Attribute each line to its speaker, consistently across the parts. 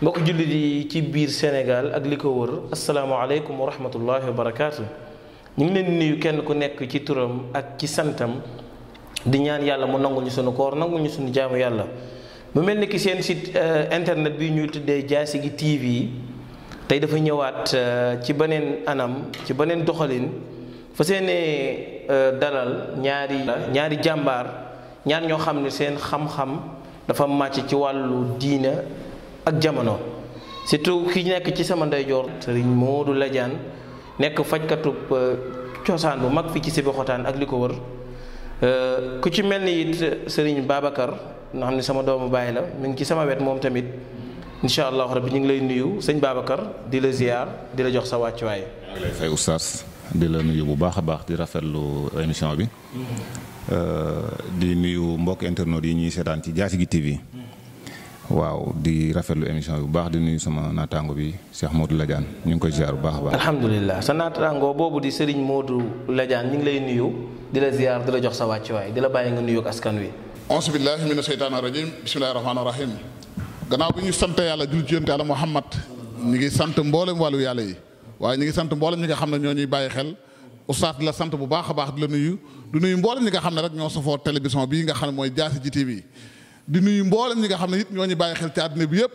Speaker 1: mbokk jullit yi ci biir Sénégal ak li ko wër asalaamaaleykum wa rahmatullahi wa barakaatu ñu ngi leen di nuyu kenn ku nekk ci turam ak ci santam di ñaan yàlla mu nangu ñu sunu koor nangu ñu sunu jaamu yàlla. mu mel ni ki seen site euh, internet bi ñuy tuddee Diassigui TV tey dafa ñëwaat euh, ci beneen anam ci beneen doxalin fa seene euh, dalal ñaari ñaari jàmbaar ñaar ñoo xam ne seen xam-xam dafa màcc ci wàllu diina. ak jamono surtout ki nekk ci sama ndeyjoor sëriñ Modou Ladiane nekk fajkatu euh, cosaan bu mag fii ci Sébikotane ak li ko wër euh, ku ci mel ni it sëriñ Babacar nga ni sama doomu baay la mi ngi ci sama wet moom tamit incha allahu rabbi ñu ngi lay nuyu sëñ Babacar di la ziar di la jox sa wàccuwaay.
Speaker 2: maa ngi di la nuyu bu baax a baax di rafetlu émission bi. Mm-hmm. Euh, di nuyu mbokk internet yi ñuy seetaan ci Diassigui TV. waaw di rafetlu émission bi bu baax di nuyu sama naataango bi Cheikh Modou Ladiane ñu ngi koy ziar bu baax a baax. alhamdulilah
Speaker 1: sa naataango boobu di Serigne Modou Ladiane ñu
Speaker 3: ngi lay nuyu di la ziar di la jox sa wàcc wàccuwaay di la bàyyi nga nuyu ak askan wi. auzu billaahi mina sheytaani rajiim bismillaahi rahmaani rahiim gannaaw bi ñu sant yàlla jul ci yonent yàlla Muhammad ñu ngi sant mboolem wàllu yàlla yi waaye ñu ngi sant mboolem ñi nga xam ne ñoo ñuy bàyyi xel. oustaz la sant bu baax a baax di la nuyu du nuyu mboolem ñi nga xam ne rek ñoo safoo télévision bii nga xam ne mooy Diassigui TV di nuyu mbolam ñi nga xamne nit it ñoo ñu bàyyi xel ci aduna bi yëpp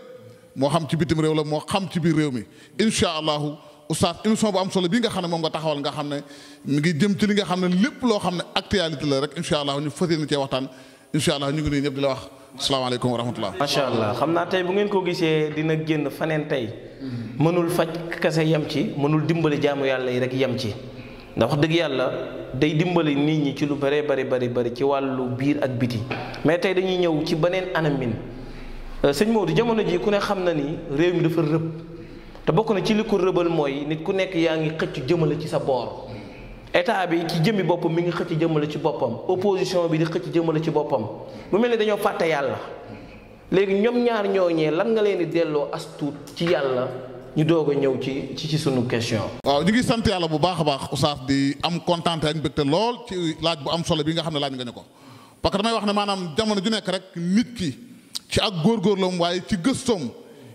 Speaker 3: mo xam ci bitim rew la mo xam ci bir rew mi insha allah oustad émission bu am solo bi nga xamne ne nga taxawal nga xamne mi ngi jëm ci li nga xamne lépp lo xamne actualité la rek insha allah ñu fassiyé yéene cee waxtaan insha allah ñu ngi nuyu ñëpp di la wax assalamu alaykum wa rahmatullah ma sha allah xamna tay bu ngeen ko gisé dina génn fanen tay
Speaker 1: mënul fajj kasse yam ci mënul dimbali jaamu yàlla yi rek yam ci ndax dëgg yàlla day dimbali nit ñi ci lu bare bari bari bari ci wàllu biir ak biti mais tey dañuy ñëw ci beneen anamin euh, sëñ Maodo jamono ji ku ne xam na ni réew mi dafa rëb te bokk na ci li ko rëbal mooy nit ku nekk yaa ngi xëcc jëmale ci sa boor état bi ci jëmmi boppam mi ngi xëcc jëmale ci boppam opposition bi di xëcc jëmale ci boppam mu mel ne dañoo fàtte yàlla léegi ñoom ñaar ñooñee lan nga leen di delloo as ci yàlla. ñu doog a ñëw ci ci ci sunu question.
Speaker 3: waaw ñu ngi sant yàlla bu baax a baax oustaz di am kontaan ak mbégte lool ci laaj bu am solo bi nga xam ne laaj nga ñu ko parce que damay wax ne maanaam jamono ju nekk rek nit ki ci ak góorgóorloom waaye ci gëstoom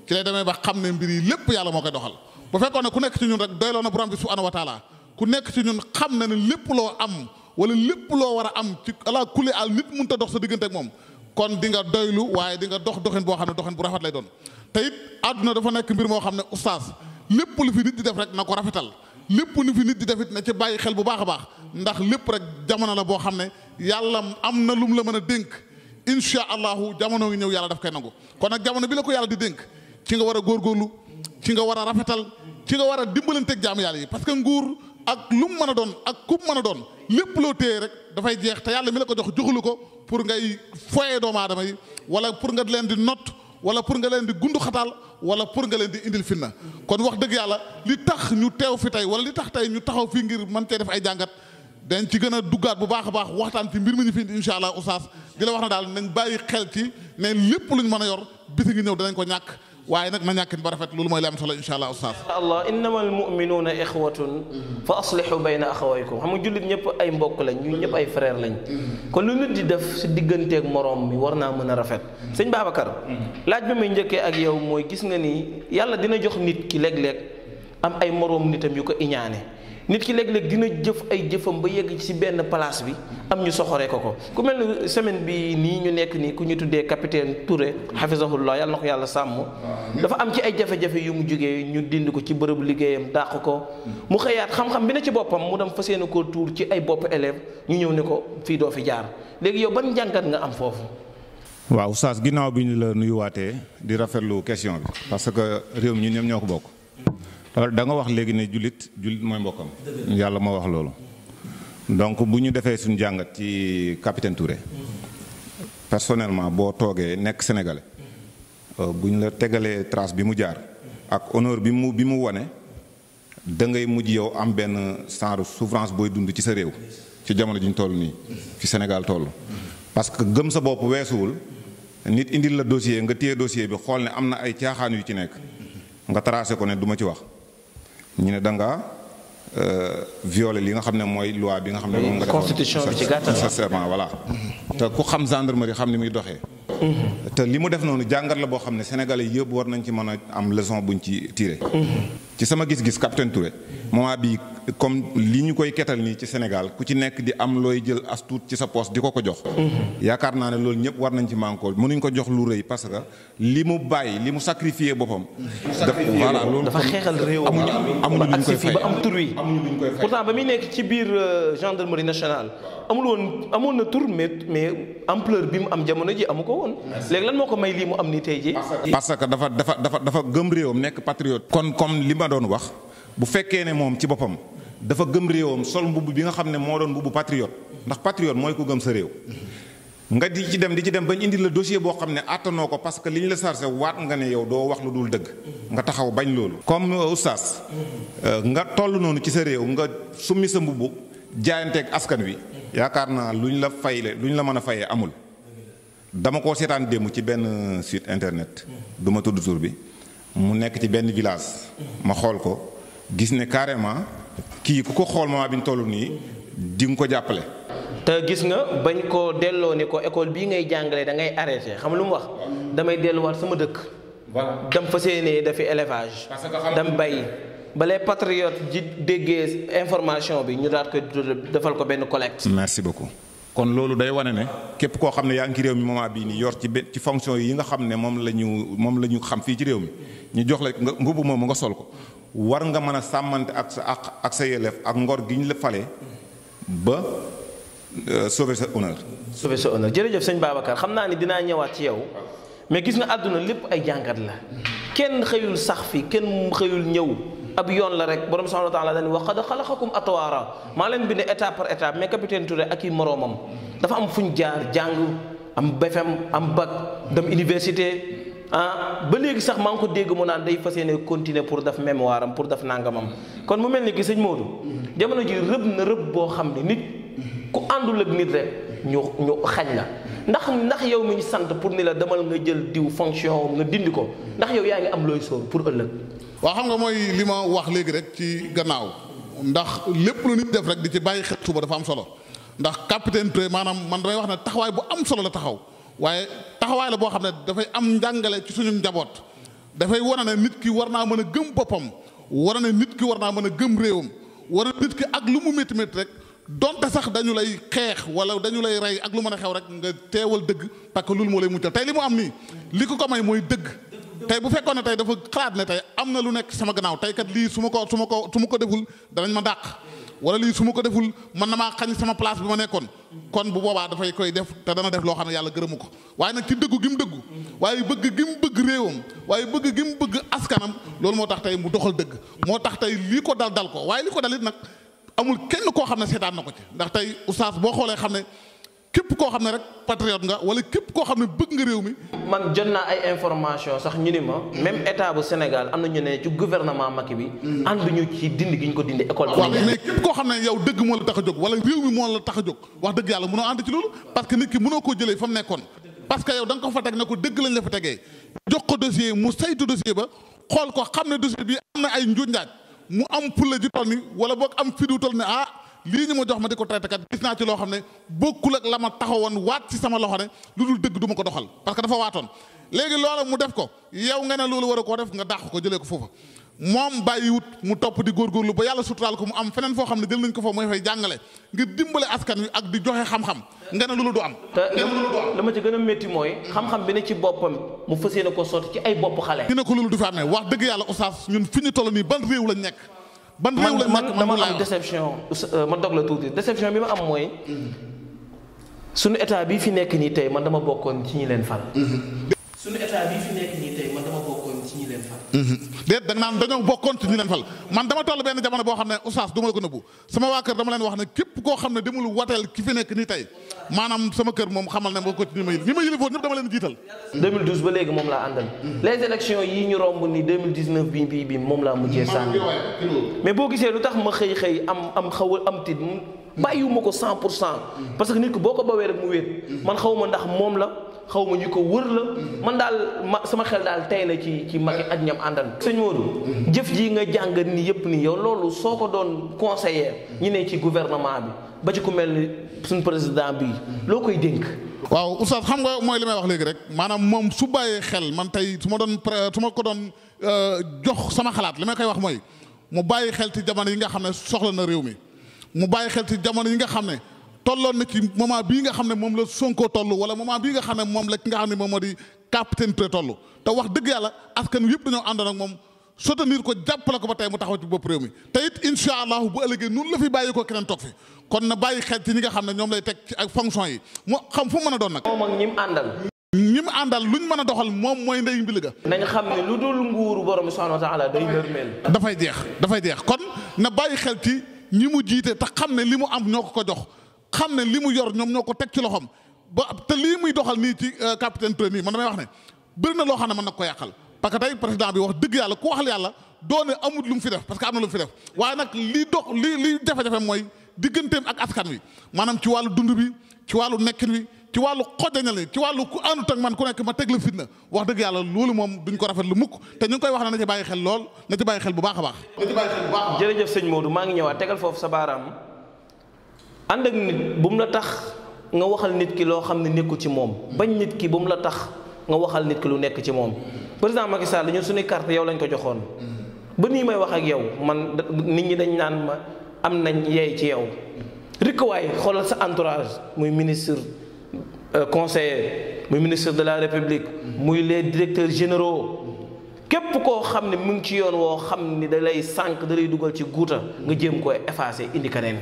Speaker 3: ci lay demee ba xam ne mbir yi lépp yàlla moo koy doxal bu fekkoon ne ku nekk ci ñun rek doyloo na borom bi subhanahu wa taala ku nekk ci ñun xam na ne lépp loo am wala lépp loo war a am ci ala kulli al nit mënut dox sa diggante ak kon di nga doylu waaye di nga dox doxin boo xam ne doxin bu rafet lay doon te it àdduna dafa nekk mbir moo xam ne oustaz lépp lu fi nit di def rek na ko rafetal lépp lu fi nit di def it na ci bàyyi xel bu baax a baax ndax lépp rek jamono la boo xam ne yàlla am na lu mu la mën a dénk incha allahu jamono ngi ñëw yàlla daf koy nangu kon nag jamono bi la ko yàlla di dénk ci nga war a góorgóorlu ci nga war a rafetal ci nga war a teg jaam yàlla yi parce que nguur ak lu mu mën a doon ak ku mu mën a doon lépp loo téye rek dafay jeex te yàlla mi la ko jox joxulu ko pour ngay foyee doomu aadama yi wala pour nga leen di not wala pour nga leen di gundu xataal wala pour nga leen di indil fitna kon wax dëgg yàlla li tax ñu teew fi tey wala li tax tey ñu taxaw fii ngir mën cee def ay jàngat dañ ci gën a duggaat bu baax a baax waxtaan ci mbir mi ñu fi indi incha allah oustaz di la wax na daal nañ bàyyi xel ci ne lépp luñ mën a yor bisi ngi ñëw danañ ko ñàkk waaye nag ma ñàkkin ba rafet loolu mooy li am solo incha allah oustaz
Speaker 1: allah innamal muminuuna ixwatun fa aslihu bayna axawaykum
Speaker 3: xam nga jullit ñëpp
Speaker 1: ay mbokk lañ ñun ñëpp ay frère lañ kon lu nit di def si digganteeg moroom mi war naa mën a rafet sëñ Babacar laaj bi may njëkkee ak yow mooy gis nga ni yàlla dina jox nit ki léeg-léeg am ay moroom nitam yu ko iñaane nit ki léeg-léeg dina jëf ay jëfam ba yegg ci benn place bi am ñu soxoree ko ko ku mel ni semaine bi nii ñu nekk nii ku ñu tuddee capitaine Touré hafizahullah yàlla na ko yàlla sàmm dafa am ci ay jafe-jafe yu mu jógee ñu dind ko ci bërëb liggéeyam dàq ko mu xëyaat xam-xam bi ne ci boppam mu dem fas yéene ko tuur ci ay bopp élève ñu ñëw ne ko fii doo fi jaar léegi yow ban njàngat nga am foofu
Speaker 2: waaw Oustaz ginnaaw bi ñu la nuyuwaatee di rafetlu question bi parce que réew mi ñun ñoo ko bokk Euh, da nga wax legui ne julit julit moy mbokam yalla mo wax lolu donc buñu défé defee suñu jàngat ci capitaine Touré personnellement bo togué nek sénégalais euh, buñ la tégalé trace bi mu jaar ak honneur bi mu bi mu wane da ngay mujj yow am ben sans souffrance boy dund ci sa réew ci jamono juñ ñu toll nii ci sénégal toll parce que gëm sa bop nit indil la dossier nga tié dossier bi xool ne ay tiaxaan yu ci nek nga tracé ko ne duma ci wax ñu ne da nga euh violer li nga xamné moy loi bi nga xamné mo nga def constitution bi ci gàttal voilà te ku xam gendarmerie xam ni muy doxé te li def Je jangar la bo sénégalais war nañ ci mëna am leçon buñ ci ci sama gis-gis capitaine Touré moment bi comme li koy ketal ni ci Sénégal ku ci nekk di am loy jël as ci sa poste diko ko jox. ne war nañ ci manko mënuñ ko jox lu reuy parce que limu mu limu sacrifier sacrifié dafa réew amuñu amuñu fay pourtant
Speaker 1: euh, gendarmerie nationale. amul woon amoon na tur mais mais ampleur bi mu am jamono ji amu ko woon.
Speaker 2: léegi lan moo ko may lii mu am ni tey jii. parce que dafa dafa dafa dafa gëm réewam nekk patriote. kon comme li ma doon wax bu fekkee ne moom ci boppam dafa gëm réewam sol mbubb bi nga xam ne moo doon mbubbu patriote ndax patriote mooy ko gëm sa réew. nga di ci dem di ci dem bañ indi la dossier boo xam ne attanoo ko parce que li ñu la chargé waat nga ne yow doo wax lu dul dëgg. nga taxaw bañ loolu. comme euh, oustaz. Euh, nga toll noonu ci sa réew nga summi sa mbubb jaayanteeg askan wi. yaakaar naa lu ñu la fayle lu ñu la mën a fayee amul dama ko seetaan démb ci benn site internet du ma tudd tur bi mu nekk ci benn village ma xool ko gis ne carrément kii ku ko xool ma bi ñu toll nii di nga ko jàppale
Speaker 1: te gis nga bañ ko delloo ne ko école bii ngay jàngale da ngay arrêté xam lu mu wax damay delluwaat sama dëkk voilà dam fa séenee dafi élevage dam bay balay patriote ji déggee information bi ñu daal ko defal ko benn collecte.
Speaker 2: merci beaucoup. kon loolu day wane ne képp koo xam ne yaa ngi réew mi moment bii nii yor ci benn ci fonction yi nga xam ne moom la ñu moom la ñu xam fii ci réew mi ñu jox la nga mbubb mu nga sol ko war nga mën a sàmmante ak sa ak ak sa yelleef ak ngor gi ñu la ba euh, sauver sa honneur. sauver sa honneur jërëjëf sëñ Babacar xam naa ne dinaa ñëwaat ci
Speaker 1: yow mais gis nga àdduna lépp ay jàngat la kenn xëyul sax fi kenn xëyul ñëw. ab yoon la rek borom subhanahu wa taala dañ wa qad xalaqakum atwaara maa leen bind étape par étape mais capitaine Touré ak i moroomam dafa am fuñ jaar jàng am BFEM am bag dem université ah ba léegi sax maa ngi ko dégg mu naan day fas yéene continuer pour def mémoire am pour def nangamam kon mu mel ni ki sëñ Modou jamono ji rëb na rëb boo xam ne nit ku àndul ak nit rek ñu ñu xañ la ndax ndax yow mi ñu sant pour ni la
Speaker 3: demal nga jël diw fonction nga dindi ko ndax yow yaa ngi am looy sóor pour ëllëg. waa xam nga mooy li ma wax léegi rek ci gannaaw ndax lépp lu nit def rek di ci bàyyi xel suba dafa am solo ndax capitaine Touré maanaam man damay wax ne taxawaay bu am solo la taxaw waaye taxawaay la boo xam ne dafay am njàngale ci suñu njaboot dafay wane ne nit ki war naa mën a gëm boppam wane ne nit ki war naa mën a gëm réewam wane nit ki ak lu mu métti métti rek donte sax dañu lay xeex wala dañu lay rey ak lu mën a xew rek nga teewal dëgg parce que loolu moo lay muccal tey li mu am nii li ko ko may mooy dëgg. tey bu fekkoon ne tey dafa xalaat ne tey am na lu nekk sama gannaaw tey kat lii su ko su ma ko suma ko deful danañ ma dàq wala lii su ma ko deful man na maa xañ sama place bi ma nekkoon kon bu boobaa dafay koy def te dana def loo xam ne yàlla gërëmu ko waaye nag ci dëggu gi mu dëggu waaye bëgg gi mu bëgg réewam waaye bëgg gi mu bëgg askanam loolu moo tax tey mu doxal dëgg moo tax tey lii ko dal dal ko waaye li ko dalit nag amul kenn koo xam ne seetaan na ko ci ndax tey oustaz boo xoolee xam ne képp koo xam ne rek patriote nga wala képp koo xam ne bëgg nga réew
Speaker 1: mi. man jot naa ay information sax ñu ni ma. même état bu Sénégal am na ñu ne ci gouvernement
Speaker 3: Macky bi. Mm. ànduñu
Speaker 1: ci dindi gi ñu ko dindi école. waaw
Speaker 3: mais ne yow dëgg moo la tax a jóg wala a jóg wax mu nekkoon. parce que yow da nga ko fa teg ne ko dëgg lañ la fa tegee jox ko dossier saytu dossier ba xool ko xam ne dossier bi am na ay njuuj mu am fulla ji toll ni wala boog am fi du toll ni ah lii ñu ma jox ma di ko traité kat gis naa ci loo xam ne bokkul ak la ma taxawoon waat ci sama loxo ne lu dul dëgg du ma ko doxal parce que dafa waatoon léegi loola mu def ko yow nga ne loolu war a koo def nga dàq ko jëlee ko foofu foofa moom bàyyiwut mu topp di góor góorgóorlu ba yàlla suturaal ko mu am feneen foo xam ne jël nañ ko fa mooy fay jàngale ngir dimbale askan wi ak di joxe xam-xam nga ne du am te la ma ci gën a bi
Speaker 1: ne ci boppam mu fas yéene ko sotti ci ay bopp xale
Speaker 3: ñu ne ko loolu du fi amee wax dëgg yàlla oustaz ñun fi ñu toll nii ban réew lañ nekk ban réew man dama am déception
Speaker 1: euh, ma dog la tuuti déception bi ma am mooy. suñu état bi fi nekk nii tey man dama bokkoon ci ñu leen fal. Mhm. suñu état bi fi nekk nii tey
Speaker 3: déet da nga naan dañoo bokkoon ci ñu leen fal man dama toll benn jamono boo xam ne oustaz du ma la ko nëbbu sama waa kër dama leen wax ne képp koo xam ne demul wateel ki fi nekk nii tey maanaam sama kër moom xamal ne ma ko ci ni ma ñi ma yilifoon ñëpp dama leen jiital 2012 ba moom laa hmm. bi moom laa
Speaker 1: mujjee hmm. sànni hmm. mais boo gisee lu tax ma xëy xëy am am xaw am tit bàyyiwuma ko 100 pour cent parce que nit ko boo ko bawee rek mu wéet man xawma ndax moom la xaw ma ñu ko wër la man daal ma sama xel daal tey na ci ci magi ak ñam àndal sëñ jëf ji nga jàng nii yëpp ni yow loolu soo ko doon conseiller ñu ne ci gouvernement bi ba ci ku
Speaker 3: mel ni suñ président bi loo koy dénk waaw oustaz xam nga mooy li may wax léegi rek maanaam moom su bàyyee xel man tey su ma doon su ma ko doon euh, jox sama xalaat li may koy wax mooy mu bàyyi xel ci jamono yi nga xam ne soxla na réew mi mu bàyyi xel ci jamono yi nga xam ne tolloon na ci moment bii nga xam ne moom la Sonko toll wala moment bii nga xam ne moom la ki nga xam ne moom moo di capitaine Touré toll te wax dëgg yàlla askan wi yëpp dañoo àndoon ak moom soutenir ko jàppale ko ba tey mu taxaw ci bopp réew te it incha allahu bu ëllëgee la fi bàyyi ko keneen kon na bàyyi xel ci xam ne ñoom lay teg ci yi mu xam fu mën a doon nag. moom ak ñi mu àndal. ñi mu mën a doxal moom mooy ndey mbi ga nañ xam ne lu dul nguuru borom subhanahu wa taala day dafay jeex dafay jeex kon na bàyyi xel ci ñi mu jiite te xam ne li mu am ñoo ko ko jox xam ne li mu yor ñoom ñoo ko teg ci loxoom ba te lii muy doxal nii ci euh, capitaine Touré nii man damay wax ne bëri na loo xam ne mën na ko yàqal parce que tey président bi wax dëgg yàlla ku waxal yàlla doone lu def parce que am na lu mu fi def waaye nag li maanaam ci wàllu dund bi ci wàllu nekkin wi ci wàllu xojañale ci ma teg la fitna wax dëgg yàlla loolu moom duñ ko rafet lu mukk te ñu ngi koy wax ne na ci bàyyi xel lool na ci bàyyi xel bu baax a baax. na maa ngi ñëwaat tegal foofu sa baaraam ànd
Speaker 1: ak nit bu mu la tax nga waxal nit ki loo xam ne nekku ci moom bañ nit ki bu mu la tax nga waxal nit ki lu nekk ci moom président Macky Sall ñun suñuy carte yow lañ ko joxoon ba nii may wax ak yow man nit ñi dañ naan ma am nañ yeey ci yow rikk waay xoolal sa entourage muy ministre euh, conseiller muy ministre de la république muy les directeurs généraux képp koo xam ne mu ngi ci yoon woo xam ni da lay sànq da lay dugal ci guuta nga jéem koy effacer indi keneen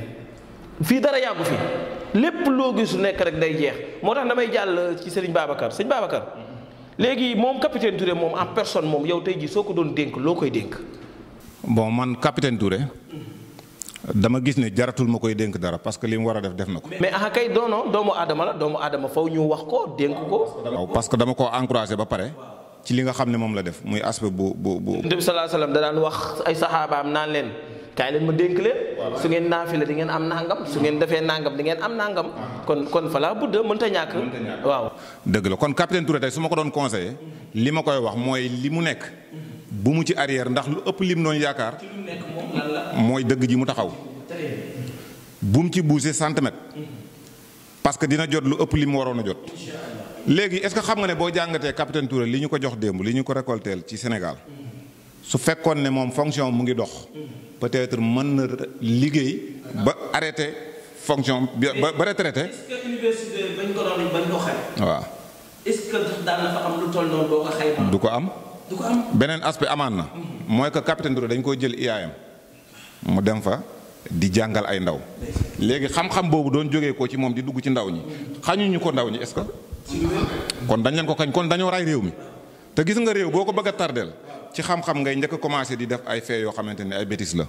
Speaker 1: fii dara yàggu fi lépp loo gisu nekk rek day jeex moo tax damay jàll ci sëriñ Babacar sëñ Babacar léegi moom capitaine Touré moom en personne moom yow tey jii soo ko doon dénk loo koy dénk.
Speaker 2: bon man capitaine Touré dama gis ne jaratul ma koy dénk dara parce que li mu war a def def na ko.
Speaker 1: mais ah kay doono doomu aadama la doomu aadama faw ñu wax ko dénk ko. waaw
Speaker 2: parce que dama ko encouragé ba pare. ci li nga xam ne moom la def muy aspect bu bu bu.
Speaker 1: Nabi sallallahu alayhi wasallam da daan wax ay saxaabaam naan leen. kaay leen ma dénk leen su ngeen naafile di ngeen am nangam su ngeen defee nangam di ngeen am nangam ah.
Speaker 2: kon kon fala budda mënta ñàkk waaw dëgg la kon capitaine Touré tey su ma ko doon conseillé li ma koy wax mooy li mu nekk bu mu ci arrière ndax lu ëpp lim noonu yaakaar mooy dëgg ji mu taxaw bu mu ci bousee centimètre parce que dina jot lu ëpp lim waroon a jot léegi est-ce que xam nga ne boo jàngatee capitaine Touré li ñu ko jox démb li ñu ko récolteel ci Sénégal su fekkoon ne moom fonction mu ngi dox peut-être mën na liggéey ba arrêté fonction ba ba retraité. waaw. est ko du ko am. beneen aspect amaan na. mooy que capitaine Touré dañ koy jël IAM. mu dem fa di jàngal ay ndaw. léegi xam-xam boobu doon jóge koo ci moom di dugg ci ndaw ñi. xañuñu ko ndaw ñi est-ce que. kon dañ leen ko kañ kon dañoo ray réew mi. te gis nga réew boo ko bëgg a tardeel ci xam-xam ngay njëkk a commencé di def ay fee yoo xamante ni ay bêtises la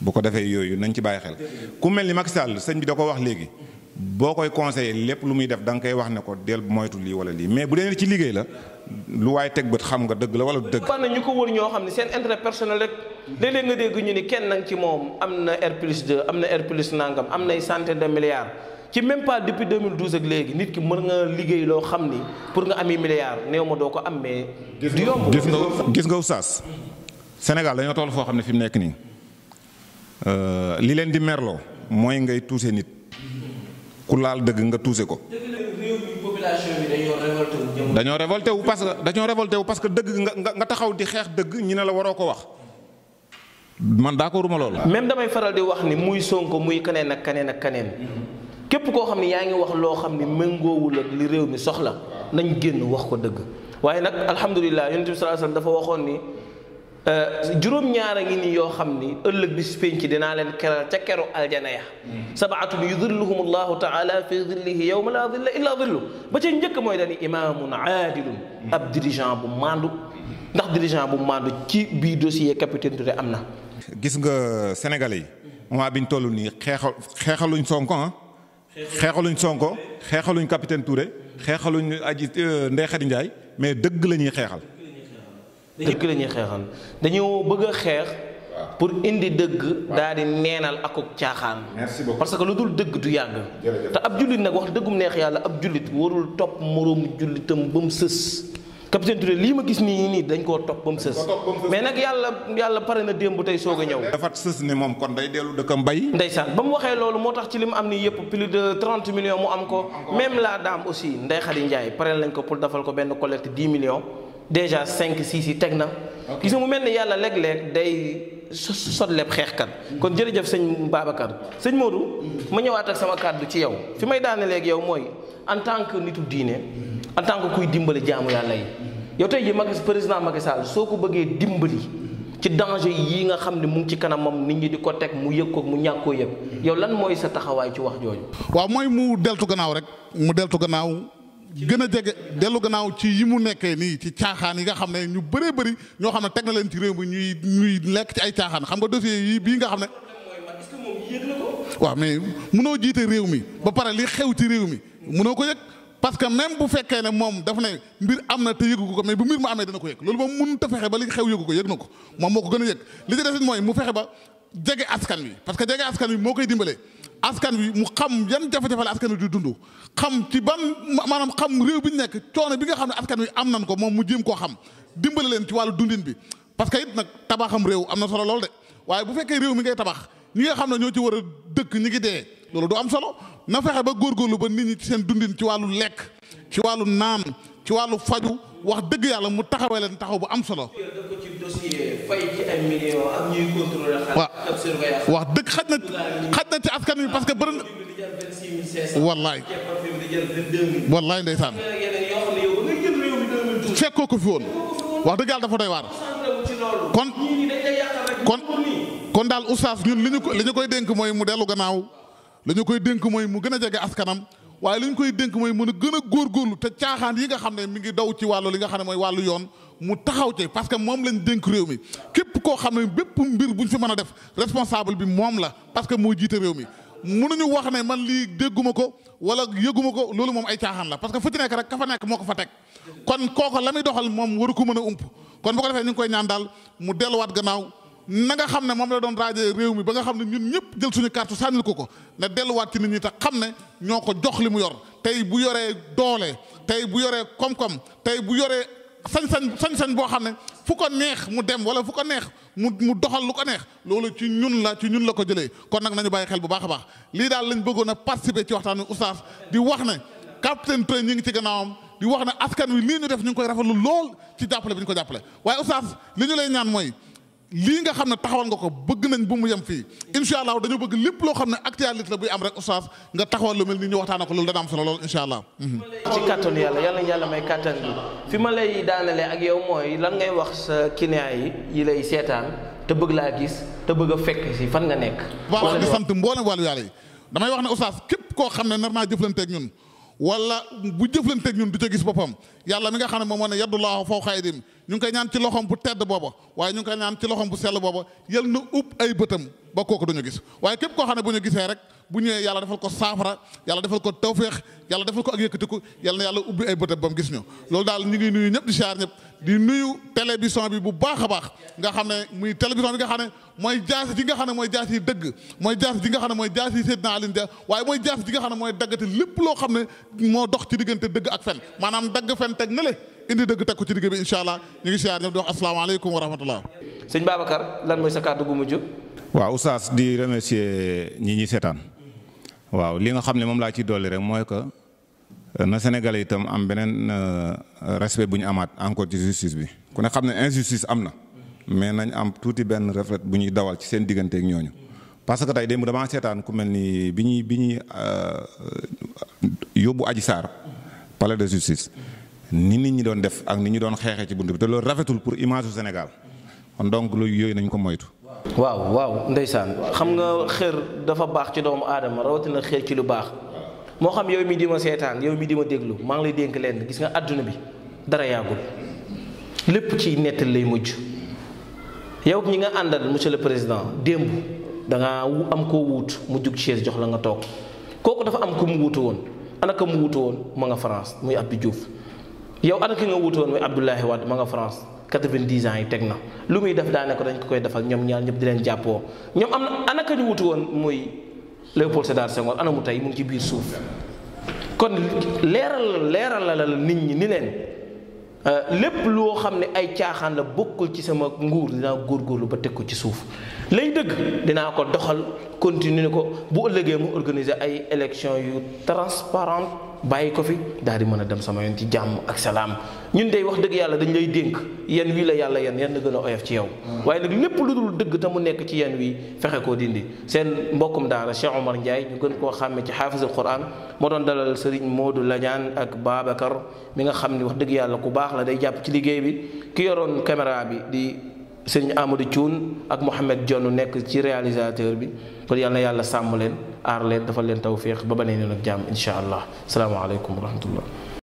Speaker 2: bu ko defee yooyu nañ ci bàyyi xel ku mel ni mag Sall sëñ bi da ko wax léegi boo koy conseillé lépp lu muy def da nga koy wax ne ko del moytu lii wala lii mais bu dee ci liggéey la lu waaye teg bët xam nga dëgg la wala dëgg.
Speaker 1: na ñu ko wër ñoo xam ne seen
Speaker 2: intérêt personnel rek
Speaker 1: léeg-léeg nga dégg ñu ni kenn nag ci moom am na R plus 2 am na R plus nangam am nay centaine de milliards. ci même pas depuis 2012 ak léegi nit ki mën nga liguey lo xamni pour nga amee milliard néew ma doo ko am mais. du yomb gis
Speaker 2: nga gis nga oustaz Sénégal dañu toll fo xamni fim nek ni euh li len di merlo moy ngay tuuse nit ku laal deug nga tuuse ko. dañu révolté wu parce que dañu révolté wu parce que deug nga nga taxaw di xex deug ñu ne la waroo ko wax. man d'accorduma lool
Speaker 1: même damay faral di wax ni muy Sonko muy kenen ak kenen ak kenen képp koo xam ne yaa ngi wax loo xam ne méngoowul ak li réew mi soxla nañ génn wax ko dëgg waaye nag alhamdulilah yonent bi sallallahu alayhi wasallam dafa waxoon ni juróom-ñaar a ngi ni yoo xam ni ëllëg bi si penc dinaa leen keral ca keru aljana ya sabaatun yudilluhum allahu taala fi dillihi yowma la dilla illa dillu ba ca njëkk mooy dañi imaamun aadilun
Speaker 2: ab dirigeant bu mandu ndax dirigeant bu mandu ci bii dossier capitaine Touré am na gis nga sénégalais yi moment biñ toll nii xeexal xeexaluñ sonko ah xeexaluñ Sonko xeexaluñ capitaine Touré xeexaluñ aji euh, Ndeye Khady Ndiaye mais dëgg la ñuy xeexal.
Speaker 1: dëgg la ñuy xeexal
Speaker 2: dañoo bëgg xeex.
Speaker 1: pour indi dëgg. daal di neenal akuk caaxaan. merci parce que lu dul dëgg du yàgg. te ab jullit nag wax dëggum neex yàlla ab jullit warul topp moroomu jullitam ba mu sës. capitaine Touré li ma gis ni ni dañ ko top bam seuss mais nak yalla yalla paré na dembu tay soga a dafa seuss ni mom kon day dellu dëkkam bay ndaysan bam waxé lolu motax ci lim am ni yépp plus de 30 millions mu am ko même la dame aussi Ndeye Khady ndjay paré lañ ko pour dafal ko ben collecte 10 millions déjà 5 6 ci tekna na gis mu melni yalla lég lég day sotleb xeexkat kon jërëjëf sëñ Babacar sëñ Modou ma ñëwaat ak sama kàddu ci yow fi may daane léegi yow mooy en tant que nitu diine en tant que kuy dimbali jaamu yàlla yi yow tey ji Macky président Macky soo ko bëggee dimbali ci danger yi nga xam ni mu ngi ci kanamam nit ñi di ko teg mu yëg ko mu ñàkkoo koo yëg yow lan mooy sa taxawaay ci wax jooju.
Speaker 3: waaw mooy mu deltu gannaaw rek mu deltu gannaaw. gën a jege dellu gannaaw ci yi mu nekkee nii ci caaxaan yi nga xam ne ñu bëree bëri ñoo xam ne teg na leen ci réew mi ñuy ñuy lekk ci ay caaxaan xam nga dossier yi bii nga xam ne. waa mais mënoo jiite réew mi ba pare li xew ci réew mi mënoo ko yëg parce que même bu fekkee ne moom daf ne mbir am na te yëgu ko mais bu mbir mu amee dana ko yëg loolu moom mënut a fexe ba li xew yëgu ko yëg na ko moom moo ko gën a yëg li ci mooy mu fexe ba jege askan wi parce que jege askan wi moo koy dimbalee askan wi mu xam yan jafe-jafe askan wi di dund xam ci ban maanaam xam réew bi ñu nekk coono bi nga xam ne askan wi am nan ko moom mu jéem koo xam dimbale leen ci wàllu dundin bi parce que it nag tabaxam réew am na solo lool de waaye bu fekkee réew mi ngay tabax ñi nga xam ne ñoo ci war a dëkk ñi ngi dee loolu du am solo na fexe ba góorgóorlu ba nit ñi ci seen dundin ci wàllu lekk ci wàllu naan ci wàllu faju wax dëgg yàlla mu taxawee leen taxaw bu am solo.
Speaker 1: waaw wax dëgg xaj na
Speaker 3: xaj na ci askan wi parce que bëri na. wallaay. wallaay ndeysaan. fekkoo ko fi woon. wax dëgg yàlla dafa doy waar. kon kon kon daal oustaz ñun li ñu koy dénk mooy mu dellu gannaaw li koy dénk mooy mu gën a jege askanam. waaye li ñu koy dénk mooy mën a gën a góorgóorlu te caaxaan yi nga xam ne mi ngi daw ci wàllu li nga xam ne mooy wàllu yoon mu taxaw ci parce que moom lañ dénk réew mi képp koo xam ne bépp mbir bu ñu fi mën a def responsable bi moom la parce que moo jiite réew mi mënuñu wax ne man lii dégguma ko wala yëguma ko loolu moom ay caaxaan la parce que fu nekk rek ka fa nekk moo ko fa teg kon kooko la muy doxal moom waru ko mën a ump kon bu ko defee ñu ngi koy ñaan daal mu delluwaat gannaaw na nga xam ne moom la doon raajee réew mi ba nga xam ne ñun ñëpp jël suñu carte sànnil ko ko na delluwaat ci nit ñi te xam ne ñoo ko jox li mu yor tey bu yoree doole tey bu yoree koom-koom tey bu yoree sañ-sañ sañ-sañ boo xam ne fu ko neex mu dem wala fu ko neex mu mu doxal lu ko neex loolu ci ñun la ci ñun la ko jëlee kon nag nañu bàyyi xel bu baax a baax lii daal lañ bëggoon a participer ci waxtaan wi oustaz di wax ne capitaine Touré ñu ngi ci gannaawam di wax ne askan wi lii ñu def ñu ngi koy rafetlu lool ci jàppale bi ko jàppale waaye oustaz li ñu lay ñaan lii nga xam ne taxawal nga ko bëgg nañ bu mu yem fii incha allah dañu bëgg lépp loo xam ne actualité la buy am rek oustaz nga taxawal lu mel ni ñu waxtaana ko loolu dana am solo lool incha allah. ci kattan yàlla yàlla yàlla may kattan bi fi
Speaker 1: ma lay daanalee ak yow mooy lan ngay wax sa client yi yi lay seetaan te bëgg laa gis te bëgg a fekk si fan nga nekk.
Speaker 3: waaw di sant mboolem wàllu yàlla yi damay wax ne oustaz képp koo xam ne nar naa jëflanteeg ñun wala bu jëflanteeg ñun du ca gis boppam yàlla mi nga xam ne moom moo ne yaddullahu fawqa aydihim ñu ngi koy ñaan ci loxoom bu tedd booba waaye ñu ngi koy ñaan ci loxoom bu sell booba yal na ub ay bëtam ba kooku duñu gis waaye képp koo xam ne bu ñu gisee rek bu ñëwee yàlla defal ko saafara yàlla defal ko tawféex yàlla defal ko ak yëkkatiku yal na yàlla ubbi ay bëtam ba gis ñu loolu daal ñu nuyu ñëpp di siyaar ñëpp di nuyu télévision bi bu baax a baax nga xam ne muy télévision bi nga xam ne mooy jaas ji nga xam ne mooy jaas yi dëgg mooy jaas ji nga xam ne mooy jaas yi Seydina Alioune Dia waaye mooy jaas ji nga xam ne mooy daggate lépp loo xam ne moo dox ci diggante dëgg ak fen maanaam dagg fen teg na le indi dëgg teg ko ci digg bi incha allah ñu ngi siyaar ñëpp di wax asalaamaaleykum wa rahmatullah sëñ Babacar lan mooy sa kàddu gu mujj
Speaker 2: waaw oustaz di remercier ñi ñuy seetaan waaw li nga xam ne moom laa ci dolli rek mooy que na Sénégalais itam am beneen euh, respect bu ñu amaat encore ci justice bi kon ne xam ne injustice am na mais nañ am tuuti benn reflet bu ñuy dawal ci seen digganteeg ñooñu parce que tey démb damaa seetaan ku mel nii bi ñuy bi ñuy euh, yóbbu aji Sarr palais de justice ni nit ñi doon def ak ni ñu doon xeexee ci bunt bi te loolu rafetul pour image du Sénégal kon donc loolu yooyu nañ ko moytu. waaw waaw ndeysaan
Speaker 1: xam nga xër dafa baax ci doomu aadama rawatina xër ci lu baax. mo xam yow mi di ma setan yow mi di ma deglu ma ngi lay denk len gis nga aduna bi dara yagul lepp ci net lay mujj yow ñi nga andal monsieur le président démb da nga am ko wut mu jug chaise jox la nga tok koku dafa am ku mu wuutu ana ka mu wut won ma nga France muy Abdou Diouf yow ana ki nga wut won muy Abdoulaye wad ma nga France 90 ans yi teg lu muy def daanaka dañ ko koy defal ñom ñaar ñep di len jappo ñom am ana ka ñu wut won muy Léopold Sédar Senghor ana mu tey mu ngi ci biir suuf kon leeral la nit ñi ni leen euh, lépp loo xam ne ay caaxaan la bokkul ci sama nguur góor góorgóorlu ba teg ko ci suuf lay dëgg dinaa ko doxal continuer ko bu ëllëgee mu organiser ay élection yu transparente bàyyi ko fi daal di mën a dem sama yoon ci jàmm ak salaam ñun dey wax dëgg yàlla dañu lay dénk yenn wii la yàlla yenn yenn gën a oyof ci yow. Mm. waaye nag lépp lu dul dëgg te mu nekk ci yenn wi fexe koo dindi seen mbokkum daara Cheikh Omar Ndiaye ñu gën koo xàmme ci xaafisul Quran moo doon dalal Serigne Modou Ladiane ak Babacar mi nga xam ni wax dëgg yàlla ku baax la day jàpp ci liggéey bi ki yoroon caméra bi di Serigne Amadou Thioune ak Mouhamed Dione nekk ci réalisateur bi. kon yal na yàlla sàmm leen aar leen dafa leen tawféex ba banee neen ak jàmm incha allah salaamaaleykum wa rahmatullah